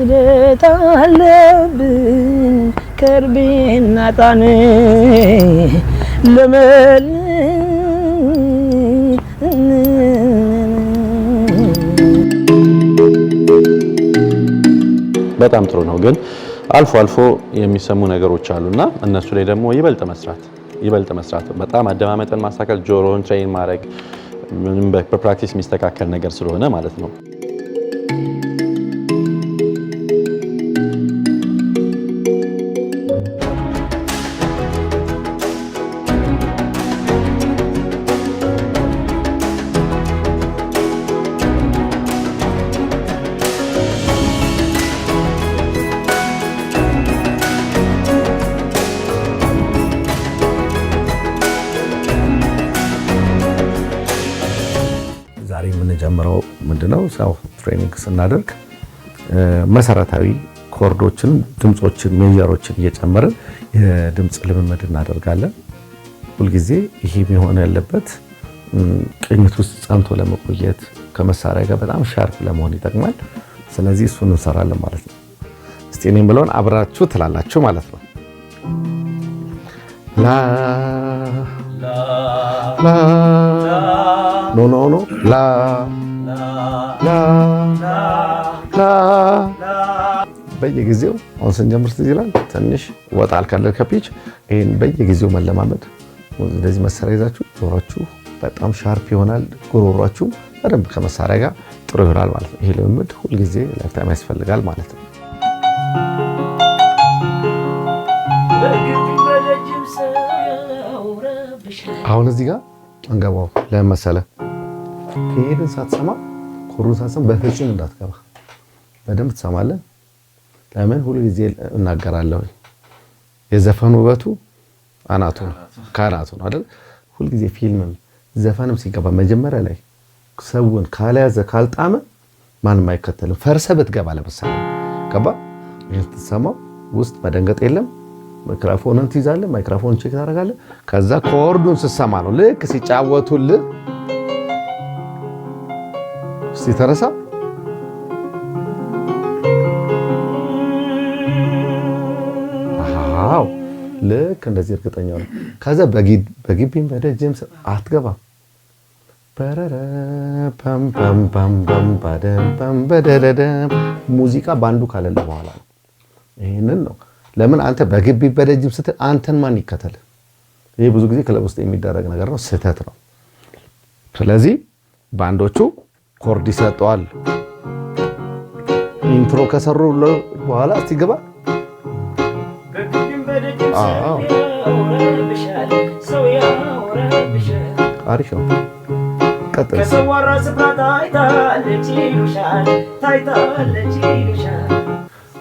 ስደት አለብን ከርቤና ጣኔ ለመል በጣም ጥሩ ነው። ግን አልፎ አልፎ የሚሰሙ ነገሮች አሉና እነሱ ላይ ደግሞ ይበልጥ መስራት ይበልጥ መስራት በጣም አደማመጠን ማስተካከል ጆሮን ትሬን ማድረግ በፕራክቲስ የሚስተካከል ነገር ስለሆነ ማለት ነው። የምንጀምረው ምንድነው? ሰው ትሬኒንግ ስናደርግ መሰረታዊ ኮርዶችን፣ ድምፆችን፣ ሜጀሮችን እየጨመርን የድምፅ ልምምድ እናደርጋለን። ሁልጊዜ ይህ የሆነ ያለበት ቅኝት ውስጥ ጸንቶ ለመቆየት ከመሳሪያ ጋር በጣም ሻርፕ ለመሆን ይጠቅማል። ስለዚህ እሱን እንሰራለን ማለት ነው። እስቲ እኔ ብለውን አብራችሁ ትላላችሁ ማለት ነው። ላ ላ no, no, no. La ላ ላ በየጊዜው አሁን ስንጀምር ትዝ ይላል። ትንሽ ወጣ አልካለን ከፒች ይህን በየጊዜው መለማመድ። እንደዚህ መሳሪያ ይዛችሁ ጆሯችሁ በጣም ሻርፕ ይሆናል። ጉሮሯችሁም በደንብ ከመሳሪያ ጋር ጥሩ ይሆናል ማለት ነው። ይሄ ልምምድ ሁልጊዜ ላይፍታይም ያስፈልጋል ማለት ነው። አሁን እዚህ ጋር አንገባው ለመሰለ ከሄድን ሳትሰማ ኮሩን ሳትሰማ በፍጹም እንዳትገባ በደንብ ትሰማለህ። ለምን ሁሉ ጊዜ እናገራለሁ። የዘፈን ውበቱ አናቱ ነው ከአናቱ ነው አይደል? ሁል ጊዜ ፊልምም ዘፈንም ሲገባ መጀመሪያ ላይ ሰውን ካልያዘ ካልጣመ ማንም አይከተልም። ፈርሰ ብትገባ ለምሳሌ ገባ የምትሰማው ውስጥ መደንገጥ የለም። ማይክራፎንን ትይዛለህ፣ ማይክራፎን ቼክ ታደርጋለህ። ከዛ ኮርዱን ስትሰማ ነው ልክ ሲጫወቱልህ ሲተረሳ አዎ ልክ እንደዚህ እርግጠኛ ነው። ከዛ በግቢም በደጅም አትገባም። ሙዚቃ በአንዱ ካለለ በኋላ ነው። ይህንን ነው ለምን አንተ በግቢ በደጅም ስትል አንተን ማን ይከተል? ይህ ብዙ ጊዜ ክለብ ውስጥ የሚደረግ ነገር ነው፣ ስህተት ነው። ስለዚህ ባንዶቹ ኮርድ ይሰጠዋል። ኢንትሮ ከሰሩ በኋላ ሲገባ አሪፍ ነው።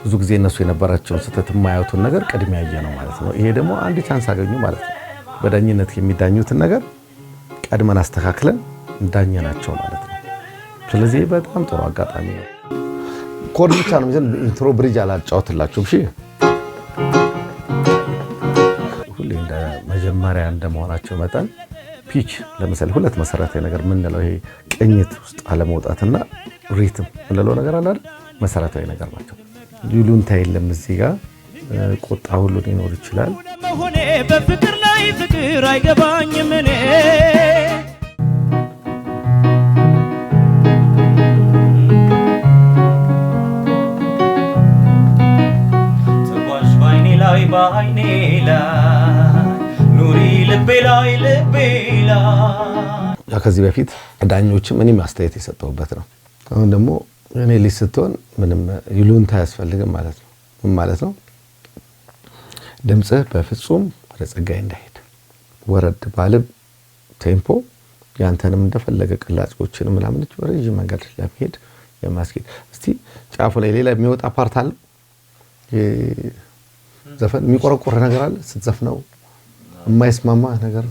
ብዙ ጊዜ እነሱ የነበራቸውን ስህተት የማያዩትን ነገር ቅድሚያ ያየ ነው ማለት ነው። ይሄ ደግሞ አንድ ቻንስ አገኙ ማለት ነው። በዳኝነት የሚዳኙትን ነገር ቀድመን አስተካክለን እንዳኘ ናቸው ማለት ነው። ስለዚህ በጣም ጥሩ አጋጣሚ ነው። ኮድ ብቻ ነው የሚዘን ኢንትሮ ብሪጅ አላጫወትላችሁም። እሺ ሁሌ እንደ መጀመሪያ እንደመሆናቸው መጠን ፒች ለምሳሌ ሁለት መሰረታዊ ነገር የምንለው ይሄ ቅኝት ውስጥ አለመውጣትና ሪትም የምንለው ነገር አለ አይደል? መሰረታዊ ነገር ናቸው። ይሉንታ የለም እዚህ ጋር ቁጣ ሁሉ ሊኖር ይችላል። በፍቅር ላይ ፍቅር አይገባኝም እኔ ከዚህ በፊት ዳኞችም እኔም አስተያየት የሰጠሁበት ነው። አሁን ደግሞ እኔ ልጅ ስትሆን ምንም ይሉንታ አያስፈልግም ማለት ነው። ምን ማለት ነው? ድምፅህ በፍጹም ወደ ጸጋይ እንዳይሄድ ወረድ ባልብ ቴምፖ ያንተንም እንደፈለገ ቅላጮችን ምናምን ረዥም መንገድ ለመሄድ የማስኬድ እስቲ ጫፉ ላይ ሌላ የሚወጣ ፓርት አለ ዘፈን የሚቆረቆር ነገር አለ ስትዘፍነው የማይስማማ ነገር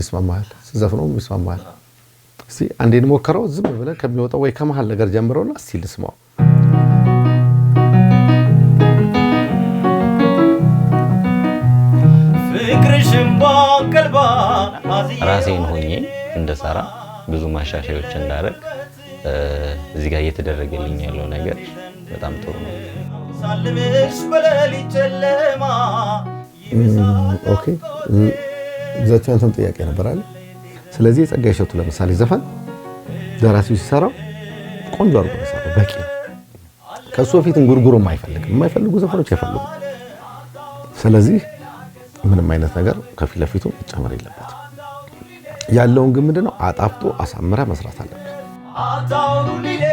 ይስማማል፣ ስዘፍነው ይስማማል። እስቲ አንዴን ሞከረው ዝም ብለን ከሚወጣው ወይ ከመሀል ነገር ጀምረውና እስቲ ልስማው። ራሴን ሆኜ እንደሰራ ብዙ ማሻሻዮች እንዳደረግ እዚህ ጋር እየተደረገልኝ ያለው ነገር በጣም ጥሩ ነው። ኦኬ ግዛቸው ያንተም ጥያቄ ነበር አለ። ስለዚህ የጸጋ ይሸቱ ለምሳሌ ዘፈን ደራሲው ሲሰራው ቆንጆ አርጎ ሰራው፣ በቂ ነው። ከእሱ በፊት እንጉርጉሮ አይፈልግም፣ የማይፈልጉ ዘፈኖች አይፈልጉም። ስለዚህ ምንም አይነት ነገር ከፊት ለፊቱ መጨመር የለበትም። ያለውን ግን ምንድነው ነው አጣፍጦ አሳምረ መስራት አለበት። ከሷ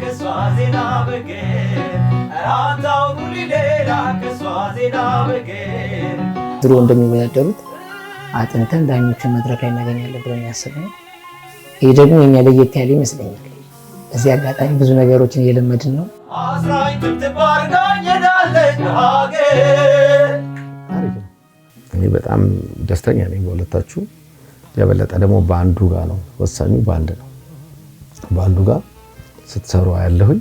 ከሷ ዜና ዜና በገ በገ ድሮ እንደሚወዳደሩት አጥንተን ዳኞችን መድረክ ላይ እናገኛለን ብለን ነው። ይህ ደግሞ የኛ ለየት ያለ ይመስለኛል። እዚህ አጋጣሚ ብዙ ነገሮችን እየለመድን ነው። እኔ በጣም ደስተኛ ነኝ በሁለታችሁ። የበለጠ ደግሞ በአንዱ ጋር ነው ወሳኙ፣ በአንድ ነው በአንዱ ጋር ስትሰሩ ያለሁኝ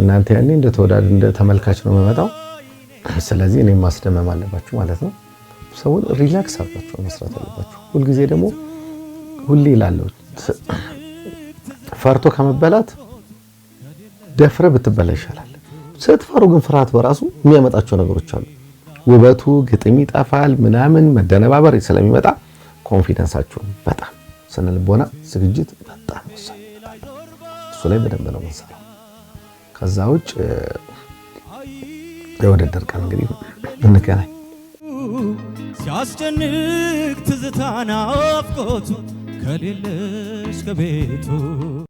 እናንተ ያኔ እንደ ተወዳድ እንደ ተመልካች ነው የምመጣው። ስለዚህ እኔም ማስደመም አለባችሁ ማለት ነው። ሰውን ሪላክስ አድርጋችሁ መስራት አለባችሁ። ሁልጊዜ ደግሞ ሁሌ ይላለሁ ፈርቶ ከመበላት ደፍረ ብትበላ ይሻላል። ስትፈሩ ግን ፍርሃት በራሱ የሚያመጣቸው ነገሮች አሉ። ውበቱ ግጥም ይጠፋል፣ ምናምን መደነባበር ስለሚመጣ ኮንፊደንሳችሁን በጣም ስነ ልቦና ዝግጅት በጣም ወሳኝ እሱ ላይ በደንብ ነው የምንሰራው። ከዛ ውጭ የውድድር ቀን እንግዲህ እንገናኝ። ሲያስጨንቅ ትዝታና አፍቆቱ ከሌለሽ ከቤቱ